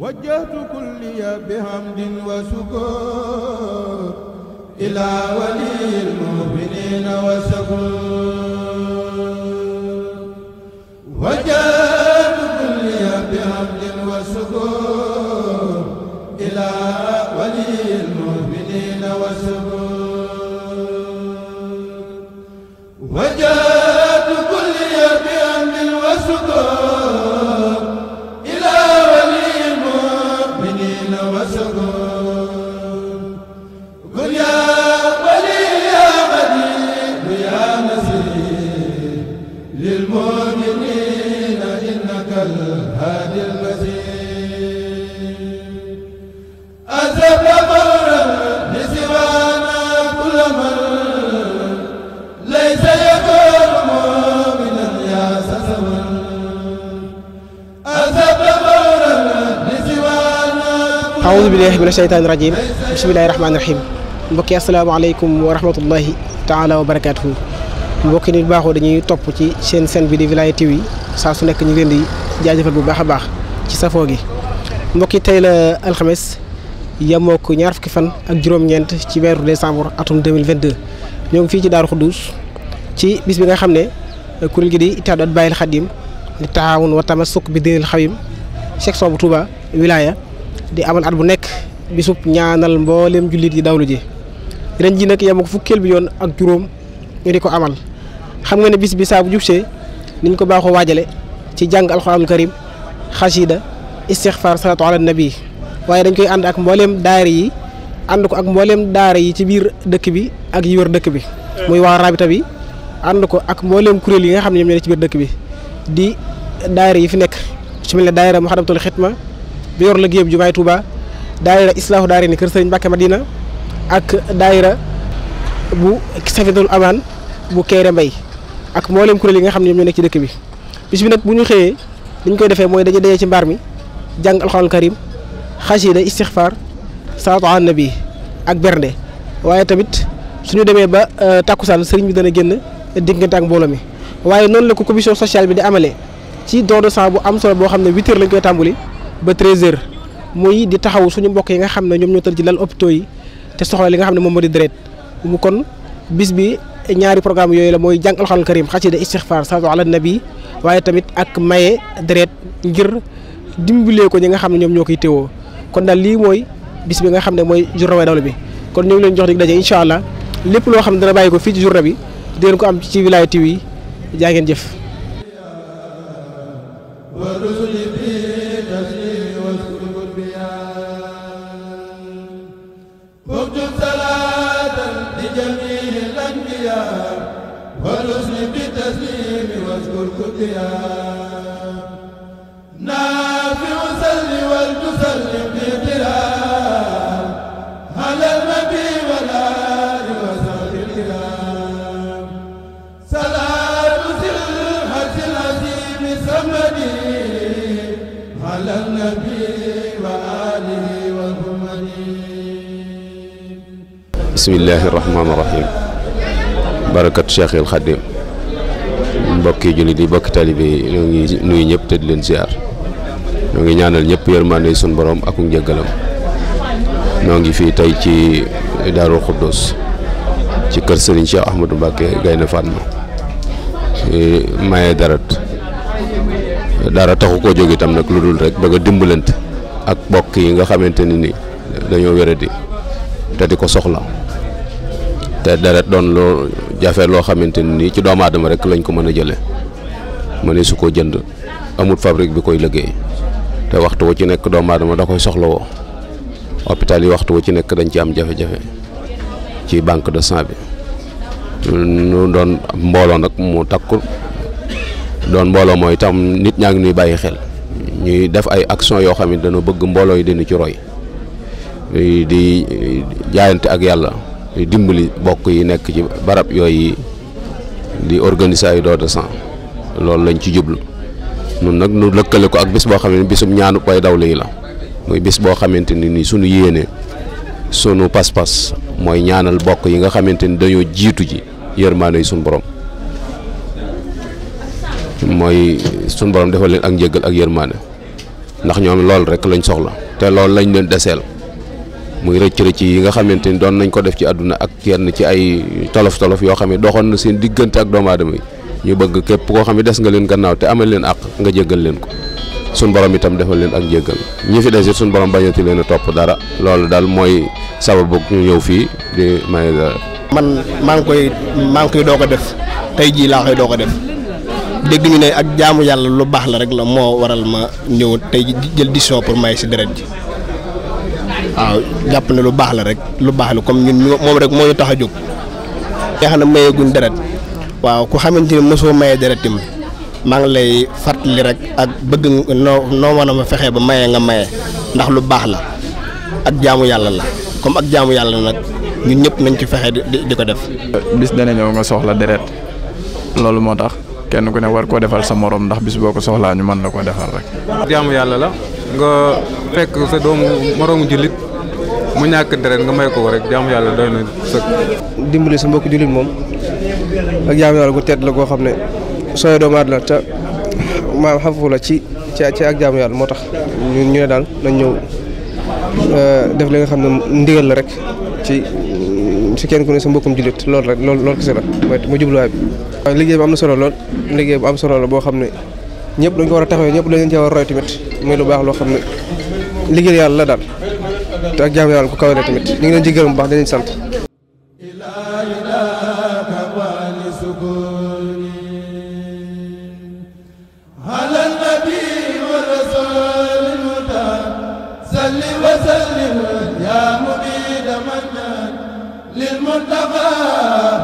wajjahtu kulliya bihamdin wa sukur ila waliyil mu'minina wa sakur المؤمنين إنك الهادي المزيد أذهب مرا لسوانا كل من ليس يكون مؤمنا يا سسما أذهب مرا لسوانا أعوذ بالله من الشيطان الرجيم بسم الله الرحمن الرحيم mbokk yi asalaamaaleykum wa rahmatullahi taala wa barakaatuhu mbokki nit baaxoo dañuy topp ci seen seen bi di Wilaya TV saa su nekk ñu leen di jaajëfal bu baax a baax ci safoo gi mbokki tey la alxames yemoo ko ñaar fukki fan ak juróom-ñeent ci weeru décembre atum 2022 ñoo ngi fii ci Daaru Xuddus ci bis bi nga xam ne kuréel gi di itaadu at bàyyil xadim di taawun wa tamassuk bi dinil xawim section bu Touba wilaya di amal at bu nekk bisub ñaanal mboolem jullit yi dawlu ji ren ji nag yemoo fukkeel bi yoon ak juróom ñu di ko amal xam nga ne bis bi saa bu jubsee niñ ko baaxoo waajale ci jàng alxuraanul karim xasida istixfaar salaatu ala nabi waaye dañ koy ànd ak mbooleem daara yi ànd ko ak mbooleem daara yi ci biir dëkk bi ak yi wër dëkk bi muy waa rabita bi ànd ko ak mbooleem kuréel yi nga xam ne ñoom ñoo ci biir dëkk bi di daara yi fi nekk su mel ne daayira Muxaddamatul Xidma bi yor liggéey bu jumaay Touba daayira islaahu daara ni kër Sëriñ Mbàkke Madina ak daayira bu Safiatul Amaan bu Kéré Mbay ak mboolem kuréel li nga xam ne ñoom ñoo nekk ci dëkk bi bis bi nag bu ñu xëyee dañ koy defee mooy dañu dajee ci mbaar mi jàng alxuraan karim xasida istixfar salaatu ala nabi ak bernde waaye tamit suñu demee ba euh, tàkkusaan sëriñ bi dana génn diggante ak mbooloo mi waaye noonu la ko commission sociale bi di amalee ci don de sang bu am solo boo xam ne huit heures lañ koy tàmbali ba treize heures muy di taxaw suñu mbokk yi nga xam ne ñoom ñoo tëdd ci lal hôpitaux yi te soxla li nga xam ne moom moo di deret mu bis bi ñaari programme yooyu la mooy jàng alxuraan karim xasida istixfaar salaatu ala nabi waaye tamit ak maye deret ngir dimbalee ko ñi nga xam ne ñoom ñoo koy teewoo kon daal lii mooy bis bi nga xam ne mooy journée Waye Dawla bi kon ñu ngi leen jox dig daje incha allah lépp loo xam ne dana bàyyi ko fii ci journée bi di leen ko am ci Wilaya TV yi jaa jëf جميع الأنبياء ورسل بالتسليم واذكر كتيا نافع سل والتسلم بقران على النبي والآل وسعد الكرام صلاة سلحة العظيم سمدي على النبي bismillaahi rahmaani rahiim barakat Cheikhil Xadim mbokki jullit yi mbokki talibe yi ñoo ngi ñëpp te di leen ziar ñoo ngi ñaanal ñëpp yërmande suñu borom ak njëggalam ñoo ngi fii tey ci Daaru Xuddus ci kër Serigne Cheikh Ahmadou Mbacké Gaynde Fatma maye darat dara taxu koo jóg itam nag lu dul rek bëgg a ak mbokk yi nga xamante ne ni dañoo wéradi te di ko soxla. te deret doon loo jafe loo xamante ni ci doomu rek lañ ko mën a jëlee mënee su ko jënd amut fabrique bi koy liggéey te waxtu wu ci nekk doomaadama da koy soxlawoo hôpital yi waxtu wu ci nekk dañ ci am jafe-jafe ci banque de sang bi doon mbooloo nag mu takku doon mbooloo mooy tam nit ñaa ngi ñuy bàyyi xel ñuy def ay action yoo xam ne dañoo bëgg mbooloo yi dañu ci roy di jaayante ak yàlla. dimbali bokk yi nekk ci barab yooyu di organiser ay don de sang loolu lañ ci jublu nun nag nu lëkkale ko ak bis boo xam ne bisum ñaanu way daw yi la muy bis boo xamante ni ni sunu yéene sunu pas-pas mooy ñaanal bokk yi nga xamante ni dañoo jiitu ji yërmaande yi sunu borom mooy sunu borom defal leen ak njëggal ak yërmaane ndax ñoom loolu rek lañ soxla te loolu lañ leen deseel muy rëcc rëcc yi nga xamante ni doon nañ ko def ci àdduna ak yenn ci ay tolof tolof yoo xam ne doxoon na seen diggante ak doomu aadama yi ñu bëgg képp koo xam ne des nga leen gannaaw te amal leen àq nga jéggal leen ko suñ borom itam defal leen ak njéggal ñi fi des it suñ borom bañati leen a dara loolu daal mooy sababu ñu ñëw fii di maye dara. man maa ngi koy maa koy doo ko def tey jii laa koy doog a def. dégg ñu ne ak jaamu yàlla lu baax la rek la moo waral ma ñëw tey jël décision pour may si deret ji waaw jàpp ne lu baax la rek lu baax la comme ñun moom rek moo ñu tax a jóg. nga xam ne mayeeguñ deret waaw ku xamante ni mosoo mayee deret maa ngi lay fàttali rek ak bëgg noo noo mën a ma fexee ba mayee nga maye ndax lu baax la ak jaamu yàlla la comme ak jaamu yàlla nag ñun ñëpp nañ ci fexe di di ko def. bis dana ñëw nga soxla deret loolu moo tax. kenn ko ne war koo defal sa moroom ndax bis boo ko soxlaa ñu mën la koo defal rek. jaamu yàlla la nga fekk sa doomu moroomu jullit mu ñàkk deret nga may ko rek jaamu yàlla doy na sëkk. dimbali sa mbokku jullit moom ak jaamu la goo xam ne sooy doomu aadama te maam xafu la ci ci ak jaamu yàlla moo tax ñu ne daal nañ ñëw euh, def li xam ne ndigal la rek ci. si kenn ku ne sa mbokkum jullit loolu rek loolu loolu kese la mooy mu jubluwaay bi. liggéey bi am na solo lool liggéey bu am solo la boo xam ne ñëpp dañ ko war a taxawee ñëpp dañ leen cee war a roy tamit muy lu baax loo xam ne liggéey yàlla la daal te ak jaamu yàlla ku kawe la tamit ñu ngi leen ci gërëm bu baax dinañ sant المنتقى